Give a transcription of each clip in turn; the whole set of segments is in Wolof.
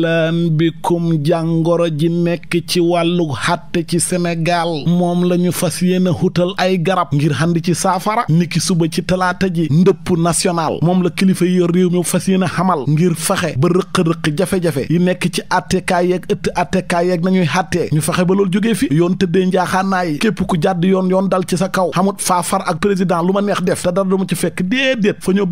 lan bikum jàngoro ji nekk ci wàllu xàtte ci Sénégal moom la ñu fas yéene xutal ay garab ngir xandi ci saafara niki suba ci talaata ji ndëpp national moom la kilifa yi yor réew mu fas yéene xamal ngir faxe ba rëq-rëq jafe-jafe yi nekk ci attekaay yeeg ëtt attekaay yeeg nañuy xàttee ñu faxe ba loolu jóge fi yoon tëddee njaaxaanaay képp ku jàdd yoon yoon dal ci sa kaw xamut faafar ak président lu ma neex def te dara du ma ci fekk déedéet fa ñoo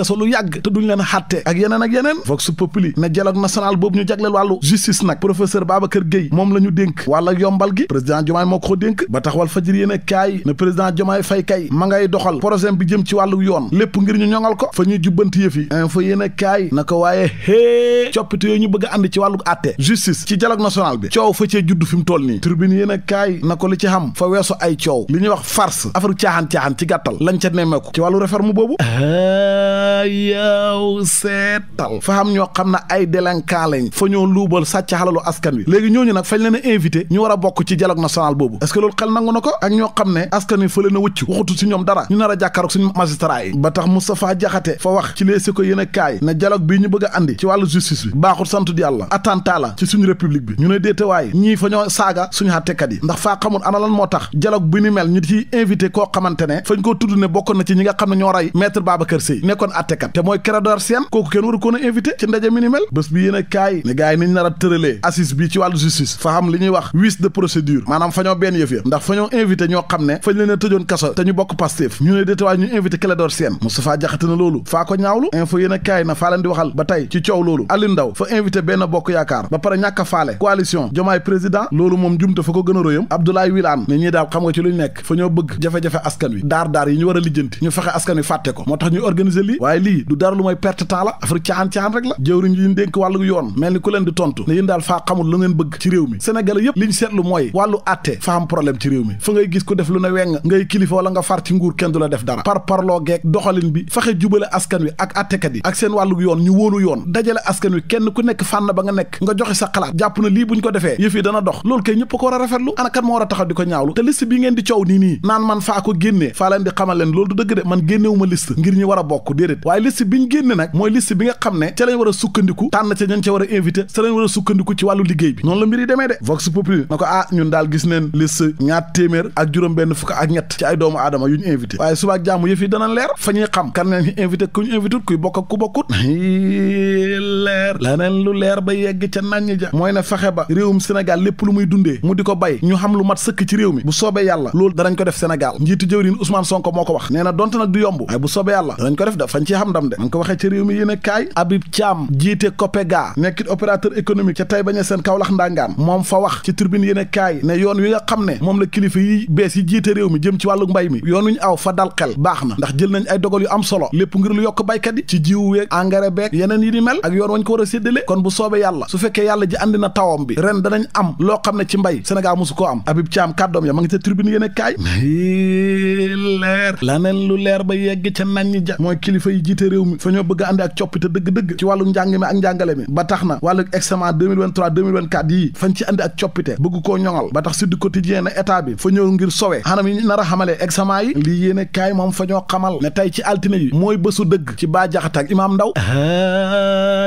kaso lu yàgg te duñ leen xàtte ak yeneen ak yeneen vox populi ne dialogue national boobu ñu jagleel wàllu justice nag professeur Babacar Gueye moom la ñu dénk wàlla yombal gi président Diomaye moo ko dénk ba tax wal fajir yéen kaay ne président Diomaye Faye kay ma ngay doxal projet bi jëm ci wàllu yoon lépp ngir ñu ñoŋal ko fa ñuy jubbanti yëf yi info yéen kaay na ko waaye hee coppite yooyu ñu bëgg a ànd ci wàllu àtte justice ci dialogue national bi coow fa cee judd fi mu toll nii tribune yéen kaay na ko li ci xam fa weesu ay coow li ñuy wax farce affaire caaxaan caaxaan ci gàttal lañ ca nemmeeku ci wàllu réforme boobu ah. yow seetal fa xam ñoo xam na ay délinquant lañ fa ñoo luubal sàcc xalalu askan wi léegi ñooñu nag fañ leen a invité ñu war a bokk ci dialogue national boobu est xel nangu na ko ak ñoo xam ne askan wi fa leen a wëcc waxutu si ñoom dara ñu nar a jàkkaarloog suñu magistrat yi ba tax Moustapha Diakhaté fa wax ci leesi ko yéen a kaay na dialogue bii ñu bëgg a andi ci wàllu justice bi baaxul santud yàlla attentat la ci suñu république bi ñu ne déetewaay ñii fa ñoo saaga suñu àttekat yi ndax faa xamul ana lan moo tax dialogue bi ni mel ñu ci invité koo xamante ne fañ koo tudd ne bokkoon na ci ñi xam ne ñoo rey maître Babacar doon attekat te mooy Clédor Sène kooku kenn waru koon a invité ci ndaje mi ni bés bi yéen a kaay ne gars yi niñ nar a tëralee assise bi ci wàllu justice fa xam li ñuy wax vice de procédure maanaam fa ñoo benn yëf ya ndax fa ñoo invité ñoo xam ne fañ leen a tëjoon kaso te ñu bokk Pastef ñu ne déetawaay ñu invité Clédor Sène Moustapha Diakhaté loolu faa ko ñaawlu info yéen a na faa di waxal ba tey ci coow loolu Aliou Ndao fa invité benn bokk yaakaar a faale coalition moom jumte fa ko gën a róyam Abdoulaye Wilane ne ñii daaw xam daar daar a lijjanti ñu fexe askan wi fàtte tax ñuy organiser lii waaye lii du dara lu may perte temps la affaire caaxaan-caaxaan rek la jëwriñ yi ñu dénk wàllu yoon mel ni ku leen di tontu ne yéen daal faa xamul lu ngeen bëgg ci réew mi Sénégal yëpp li ñu seetlu mooy wàllu àtte fa am problème ci réew mi fa ngay gis ku def lu ne weng ngay kilifa wala nga far ci nguur kenn du la def dara par parloo geek doxalin bi faxe jubale askan wi ak àttekat yi ak seen wàllu yoon ñu wóolu yoon dajale askan wi kenn ku nekk fànn ba nga nekk nga joxe sa jàpp na lii buñ ko defee yëf yi dana dox loolu kay ñëpp a rafetlu ko ñaawlu te ngeen di coow nii nii naan man faa ko génnee faa leen di xamal leen loolu du ngir ñu war a bokk déedéet waaye liste bi ñu génne nag mooy liste bi nga xam ne ca lañ war a sukkandiku tànn ca ñañ ca war a invité ca lañ war a sukkandiku ci wàllu liggéey bi noonu la mbir yi demee de vox populi na ko ah ñun daal gis neen liste ñaar téeméer ak juróom benn fukk ak ñett ci ay doomu aadama yu ñu invité waaye subaak jàmm yëf yi dana leer fa ñuy xam kan nañ invité ku ñu invité kuy bokk ak ku bokkut leer laneen lu leer ba yegg ca nañ ja mooy ne fexe ba réewum Sénégal lépp lu muy dundee mu di ko bay ñu xam lu mat sëkk ci réew mi bu soobee yàlla loolu danañ ko def Sénégal njiitu jëwriñ Ousmane Sonko moo ko wax nee na donte nag du yomb waaye bu soobee yàlla def fañ ci xam ndam de man ko waxee ci réew mi yéen a kaay Habib Thiam jiite COPEGA nekkit opérateur économique ca tey baña seen Kaolack ndangaan moom fa wax ci turbine yéen a kaay ne yoon wi nga xam ne moom la kilifa yi bees yi jiite réew mi jëm ci wàllu mbay mi yoon wi ñu aw fa dal baax na ndax jël nañ ay dogal yu am solo lépp ngir lu yokk baykat yi ci jiwu weeg engrais beeg yeneen yi ni mel ak yoon wañ ko war a séddale kon bu soobee yàlla su fekkee yàlla ji andi na tawam bi ren danañ am xam ne ci mbay Sénégal mosu koo am Habib Thiam kàddoom ya ma ngi ca a kaay leer laneen lu leer ba yegg ca nañ kilifa yi jiite réew mi fa ñoo bëgg a ànd ak coppite dëgg-dëgg ci wàllu njàng mi ak njàngale mi ba tax na wàllu examen 2023 2024 fañ ci ànd ak coppite bëgg koo ñoŋal ba tax Sud Quotidien na état bi fa ñëw ngir sowe xanam yi nar a xamalee examen yi lii yéene kaay moom fa ñoo xamal ne tey ci altine yi mooy bésu dëgg ci baa jaxata ak imaam ndaw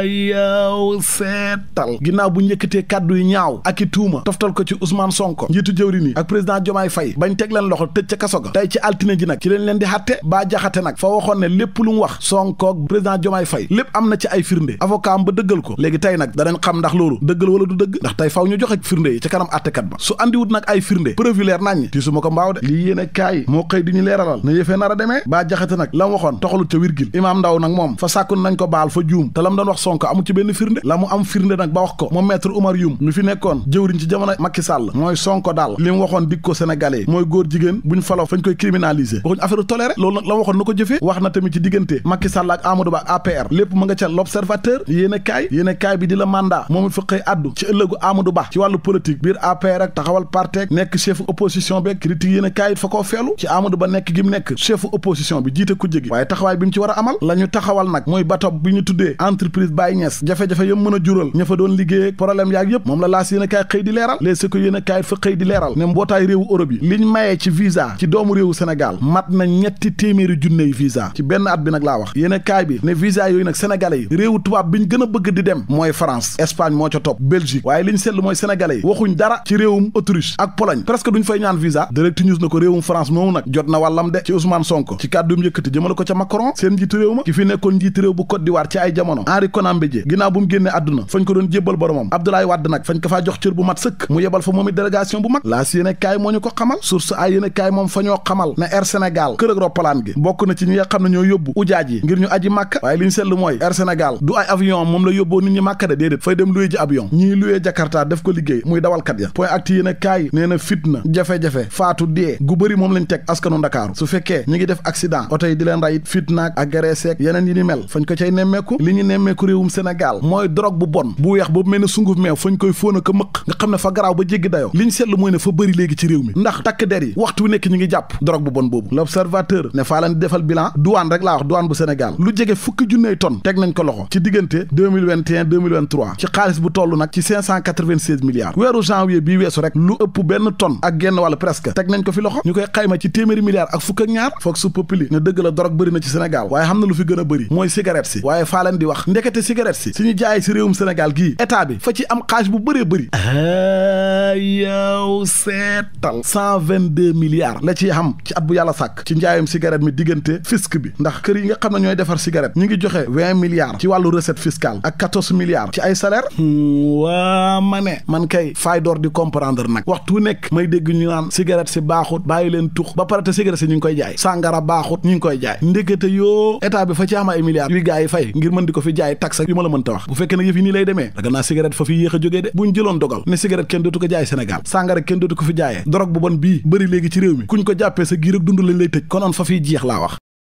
yaw seetal ginnaaw bu njëkkatee kàddu yi ñaaw ak i tuuma toftal ko ci Ousmane Sonko njiitu jëwriñ yi ak président Diomaye Faye bañ teg leen loxo tëj ca kaso ga tey ci altine ji nag ci leen leen di xatte baa jaxate nag fa waxoon ne wax sonkoog président Diomaye Faye lépp am na ci ay firnde avocat ba dëggal ko léegi tey nag danañ xam ndax loolu dëggal wala du dëgg ndax tey faw ñu joxe firnde yi ci kanam àttekat ba su andiwut nag ay firnde preuve yu leer nañ tii su ma ko mbaaw de lii yéene kaay moo xëy di ñu leeralal na yëfee nar a demee baa jaxate nag la waxoon toxalut ca wirgil imaam ndaw nag moom fa sàkkun nañ ko baal fa juum te la mu doon wax sonko amu ci benn firnde la mu am firnde nag wax ko moom maître Oumar fi nekkoon jëwriñ ci jamono Macky Sall mooy sonko daal waxoon dig ko sénégalais mooy góor jigéen buñ falo fañ koy criminaliser waxuñ affaire toléré loolu nag la waxoon na ko jëfee wax ci diggante Macky Sall ak Amadou Ba APR lépp mu nga ca l'observateur yéen a kaay yéen kaay bi di la mandat moom it fa xëy addu ci ëllëgu Amadou Ba ci wàllu politique biir APR ak taxawal parteek nekk chef opposition bi critique yéen a kaay fa koo feelu ci Amadou Ba nekk gi mu nekk chef opposition bi jiite ku jégi waaye taxawaay bi mu ci war a amal la ñu taxawal nag mooy bato bi ñu tuddee entreprise Baye Niass jafe-jafe yëpp mën a jural ña fa doon liggéey ak problème yaag yëpp a a kaay fa xëy di leeral ne mbootaay réewu Europe yi liñ mayee ci visa ci doomu Sénégal mat na ñetti téeméeri junney visa ci benn at bi nag la laa wax yéen kaay bi ne visa yooyu nag sénégalais yi réewu tubaab bi ñu gën bëgg di dem mooy France Espagne moo ca Belgique waaye li ñu mooy sénégalais yi waxuñ dara ci réewum Autriche ak Pologne presque duñ fay ñaan visa direct news na ko réewum France moomu nag jot na wàllam de ci Ousmane Sonko ci kàddum yëkkati jëmale ko ca Macron seen njiitu réew ma ki fi nekkoon njiitu réew bu Côte ci ay jamono Henri Konan Bédié ginnaaw bu mu génne àdduna ji aj yi ngir ñu aji màkka waaye li ñu seetlu mooy Air Sénégal du ay avion moom la yóbboo nit ñi màkka de déedéet fay dem luye ji avion ñii luye Jakarta def ko liggéey muy dawalkat ya point acti yéen a kaay nee na fitna jafe-jafe faatu dee gu bëri moom lañ teg askanu ndakaaru su fekkee ñi ngi def accident oto yi di leen rayit fitnaak agressé ak yeneen yi ni mel fañ ko cay nemmeeku li ñu nemmeeku réewum Sénégal mooy drogue bu bon bu weex boobu mel ne sunguf a douane bu Sénégal lu jege fukki junney tonnes teg nañ ko loxo ci diggante 2021 2023 ci xaalis bu toll nag ci 596 milliards weeru janvier bii weesu rek lu ëpp benn tonne ak genn wàll presque teg nañ ko fi loxo ñu koy xayma ci téeméeri milliards ak fukk ñaar foog su populi ne dëgg la dorog bëri na ci Sénégal waaye xam na lu fi gën a bëri mooy cigarette si waaye faa di wax ndekete cigarette si suñu jaay si réewum Sénégal gii état bi fa ci am xaalis bu bëree bëri ah, yow seetal 122 nga xam ne ñooy defar cigarette ñu ngi joxe vingt milliards ci wàllu recette fiscale ak quatorze milliards ci ay salaire hmm, waa ma ne man kay faay door di comprendre nag waxtu nekk may dégg ñu naan cigarette si baaxut bàyyi leen tux ba pare te cigarette si ñu ngi koy jaay sàngara baaxut ñu ngi koy jaay ndékkate yoo état bi fa ci am ay milliards yu gars yi fay ngir mën di ko fi jaay taxe yu ma la mën wax bu fekkee nag yëf yi nii lay demee da naa cigarette fa fi yéex a jógee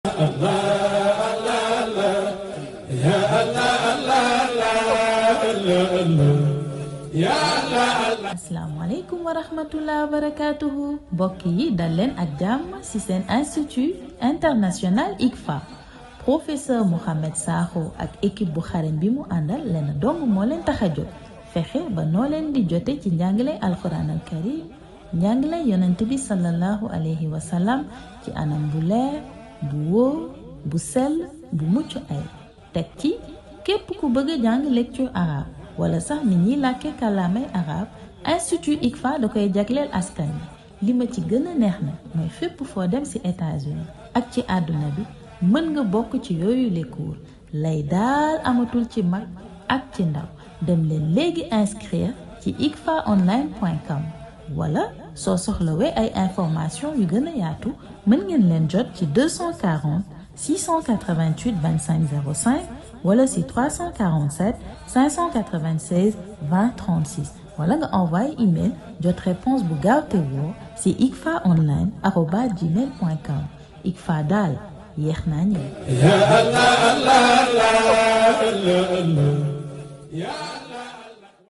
asalaamaaleykum wa rahmatullah wa barakaatuhu mbokk yi dal leen ak jàmm ci seen institut international ICFA professeur Mouhamed Sakho ak ekip bu xarañ bi mu àndal leen dong moo leen tax a jóg fexe ba noo leen di jote ci njàngale alquran al karim njàngale yonent bi sallallahu alayhi wa ci anam bu leer bu wóor bu sell bu mucc ay teg ci képp ku bëgg jàng lecture arabe wala sax nit ñiy làkke kàllaamay arabe institut ICFA da koy jagleel askan bi li ma ci gën a neex na mooy fépp foo dem ci États-Unis ak ci àdduna bi mën nga bokk ci yooyu les cours lay daal amatul ci mag ak ci ndaw dem leen léegi inscrire ci icfaonline.com wala soo soxlawee ay information yu gën a yaatu mën ngeen leen jot ci 240 688 25 05 wala si 347 596 20 36 wala nga envoyé email jot réponse bu gaaw te woo si ikfa online arroba gmail point com ikfa daal yéex naa ñëw.